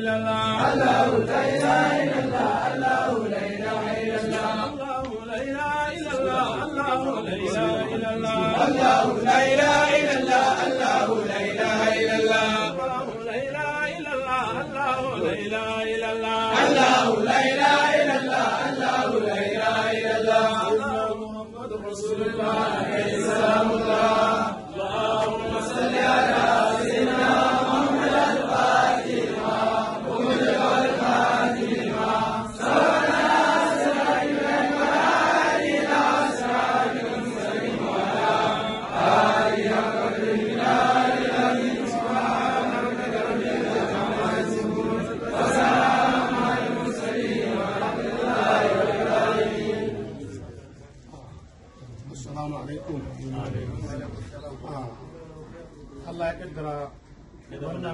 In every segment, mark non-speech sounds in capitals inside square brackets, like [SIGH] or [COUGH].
إلا الله الله لا إله إلا الله لا إله إلا الله لا إله إلا الله لا إله إلا الله لا إله إلا الله لا إله إلا الله لا إله إلا الله لا إله إلا الله لا إله إلا الله الله لا إله إلا الله محمد رسول الله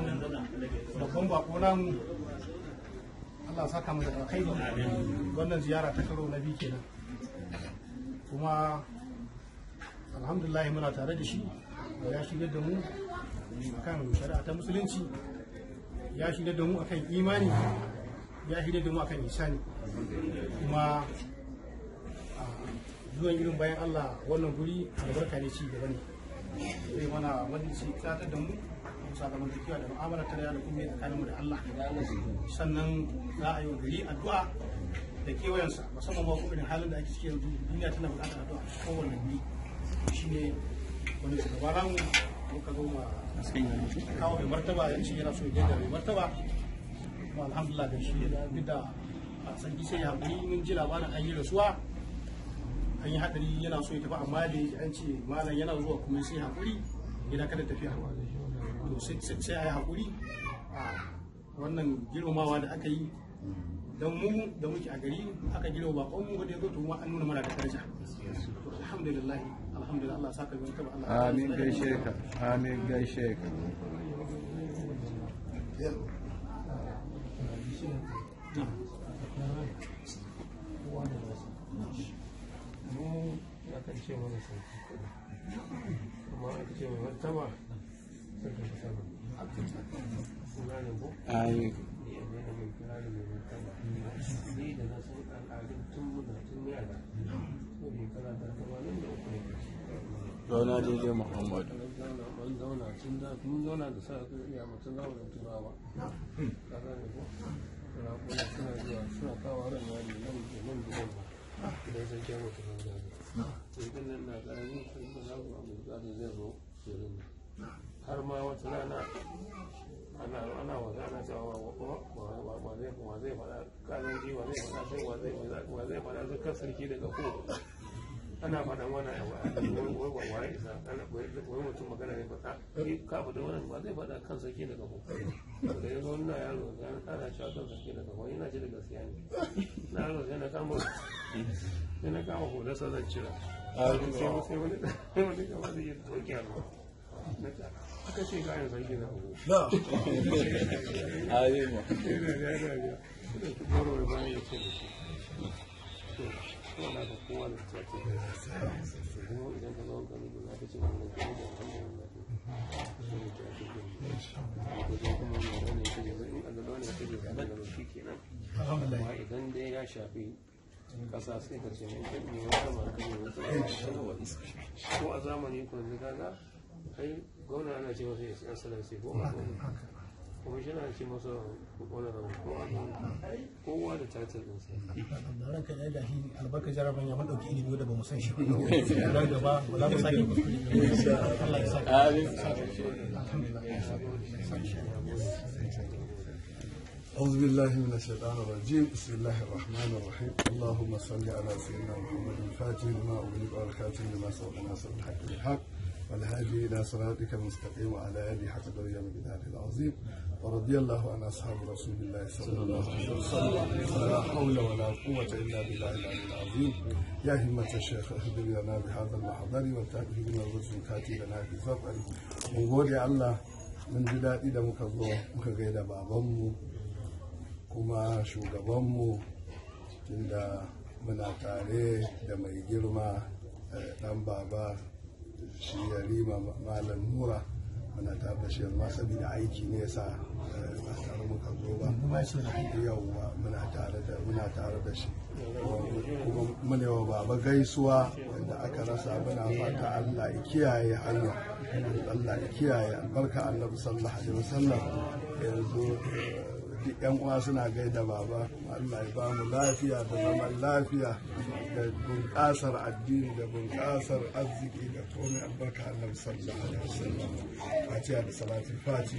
nan da bako nan Allah saka mu da alkhairi wannan ziyara ta karo na biyu kenan kuma alhamdulillah muna tare da shi ya shirya da mu akan shari'a ta musulunci ya shirya da mu akan imani ya shirya da mu akan isani kuma zuwan irin bayan Allah wannan guri albarka ne ci gaba ne zai mana majalisi tsatar da mu bisa zamantakewa da mu'amala ta da kuma mai tsakaninmu da Allah sannan za a yi wa gari addu'a da kewayensa musamman ma kuma halin da ake ciki yanzu duniya tana buƙatar addu'a kowane ni shine wani shugaba namu muka zo ma kawo mai martaba yanci yana so ya mai martaba kuma alhamdulillah da shi duk da sarki sai ya haƙuri mun ji labarin an yi rasuwa an yi haɗari yana so ya tafi amma da an ce malam yana zuwa kuma sai haƙuri gida kada tafiya to sai a yi haƙuri a wannan girmamawa da aka yi don mu da muke a gari aka gina bakon mu da yazo tuma an nuna da alhamdulillah alhamdulillah Allah saka kaba Allah amin gaishe ka amin gaishe ka ya kan ce mana sauki kuma ce mai martaba ayi ni da na san al'adun tun muna tun yara ko shekara ta tamanin da uku zauna daidai muhammadu mun zauna da mun da sa su iya mutum da turawa kaza ne ko rakuna suna zuwa suna kawo ran yari nan da nan da nan idan sun kyamu da ne nan na da zai zo shirin har ma wata rana ana ana magana cewa wa zai wa zai fada kanan ji wa zai fada sai wa zai wa zai fada zai kan sarki daga ko ana fada faɗa mana wai wa wa isa ana wai mutum magana ne faɗa eh, ka faɗa wannan ba zai fada kan sarki daga ko da yanzu wannan yaro ga ana cewa kan sarki daga ko yana ji da gaskiya ne na yaro sai na kama sai na kama hudu sai zan cira sai wani kamar da ya tsoki na tsaka aka ce ka yin na abu na ayyuma [LAUGHS] idan dai ya shafi kasa sai ka ce ne wata ma kan ne wata ma ko a zamani kun ni kai gwamna ana ce masa ya salar sai ko kuma shi na ce masa kowane rabu ko kowa da tatar din sai [LAUGHS] da ranka ya shi albarka jarabar ya madauki ilimi da bamu san shi da gaba ba za mu sake Allah ya saka amin أعوذ بالله من الشيطان الرجيم بسم الله الرحمن الرحيم اللهم صل على سيدنا محمد الفاتح لما أغلق والخاتم لما سبق ناصر الحق بالحق والهادي إلى صراطك المستقيم وعلى آله حق درجة من جلاله العظيم ورضي الله عن أصحاب رسول الله صلى الله عليه وسلم لا حول ولا قوة إلا بالله العلي العظيم يا همة الشيخ اهدر لنا بهذا المحضر وتاتي بنا من تاتي لنا في سفر ونقول الله من جداد إذا مكذو مكغيدا بابامو kuma شو tunda muna tare da mai girma dan بابا shi yarima malam mura ana ta bashir ma saboda aiki ne sa eh, ba tare muka zo ba muna tare da muna tare da shi kuma mune wa baba gaisuwa wanda aka rasa muna fata Allah ya kiyaye hanya Allah ya kiyaye albarka annabi sallallahu alaihi wasallam yanzu eh, yan uwa suna gaida baba Allah ya bamu lafiya da zaman lafiya da bunƙasar addini da bunƙasar arziki da komai albarka Allah sallallahu alaihi wasallam fatiha da salatul fati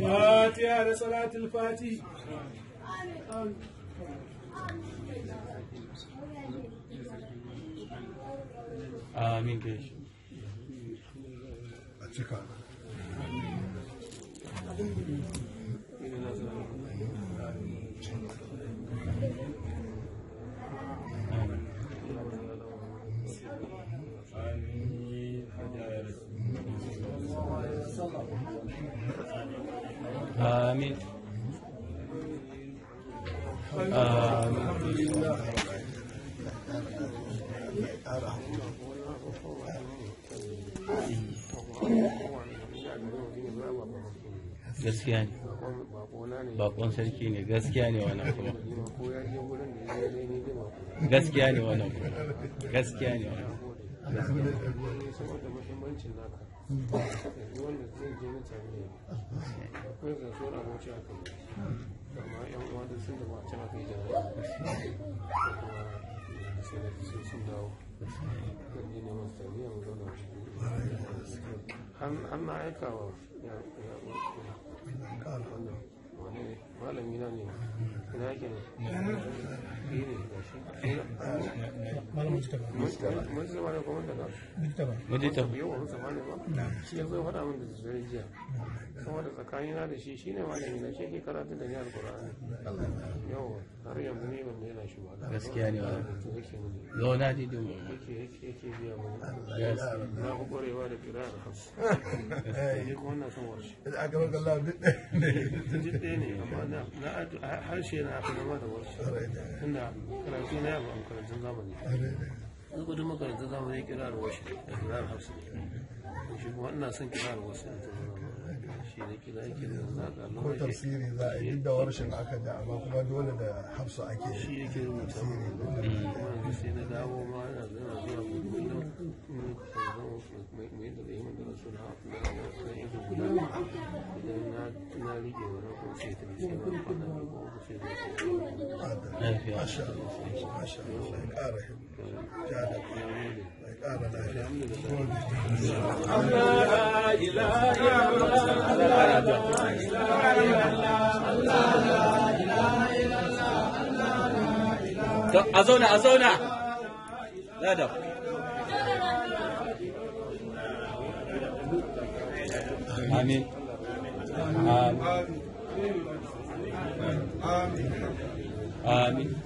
fatiha da salatul fati amin ke a cika آمين gaskiya ne bakon sarki ne gaskiya ne wannan kuma gaskiya ne wannan kuma gaskiya ne wannan wanda zai je na tare akwai zansuwar abinci a kan amma yan uwa da sun da ba can aka yi da kuma sai sun dawo kan yi neman tare a zauna an aika wa ya wannan malami na ne ina ne ne min da zuwa jiya saboda na da shi shine malami na shi ke da ni alqur'ani yau har yanzu ne biya mu [LAUGHS] a gaban na harshe na aka zama da wasu inda karatu na yamma a makarantun zamani in gudun makarantun zamani kirar wasu da kirar hausa shi kuma ina son kirar wasu da ta zama shi ne kira yake da zaga ko a aka da amma kuma dole da hafsa ake shi kuma na dawo ma الخارجية ولا أوصية ما شاء الله ما شاء الله الآن جعلك الآن لا إله إلا الله لا إله إلا الله لا إله إلا الله أزونا أزونا لا دب آمين Amin. Amin. Amin.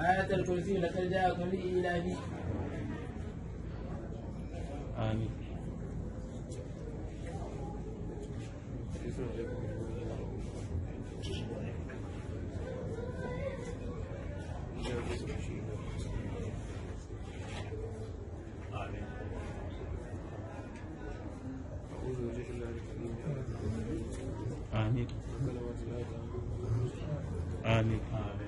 آية الكرسي لقد جاءكم به إلى آمين آمين آمين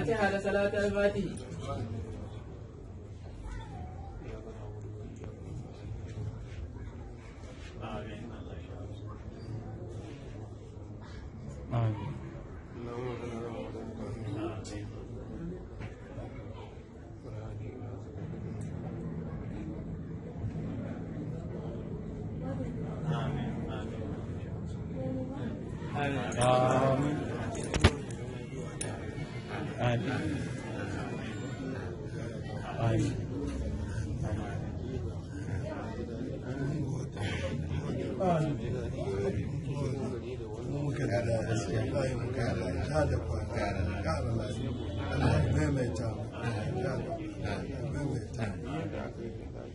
الفاتحة على صلاة الفاتحة آمين آمين آمين طبعا طبعا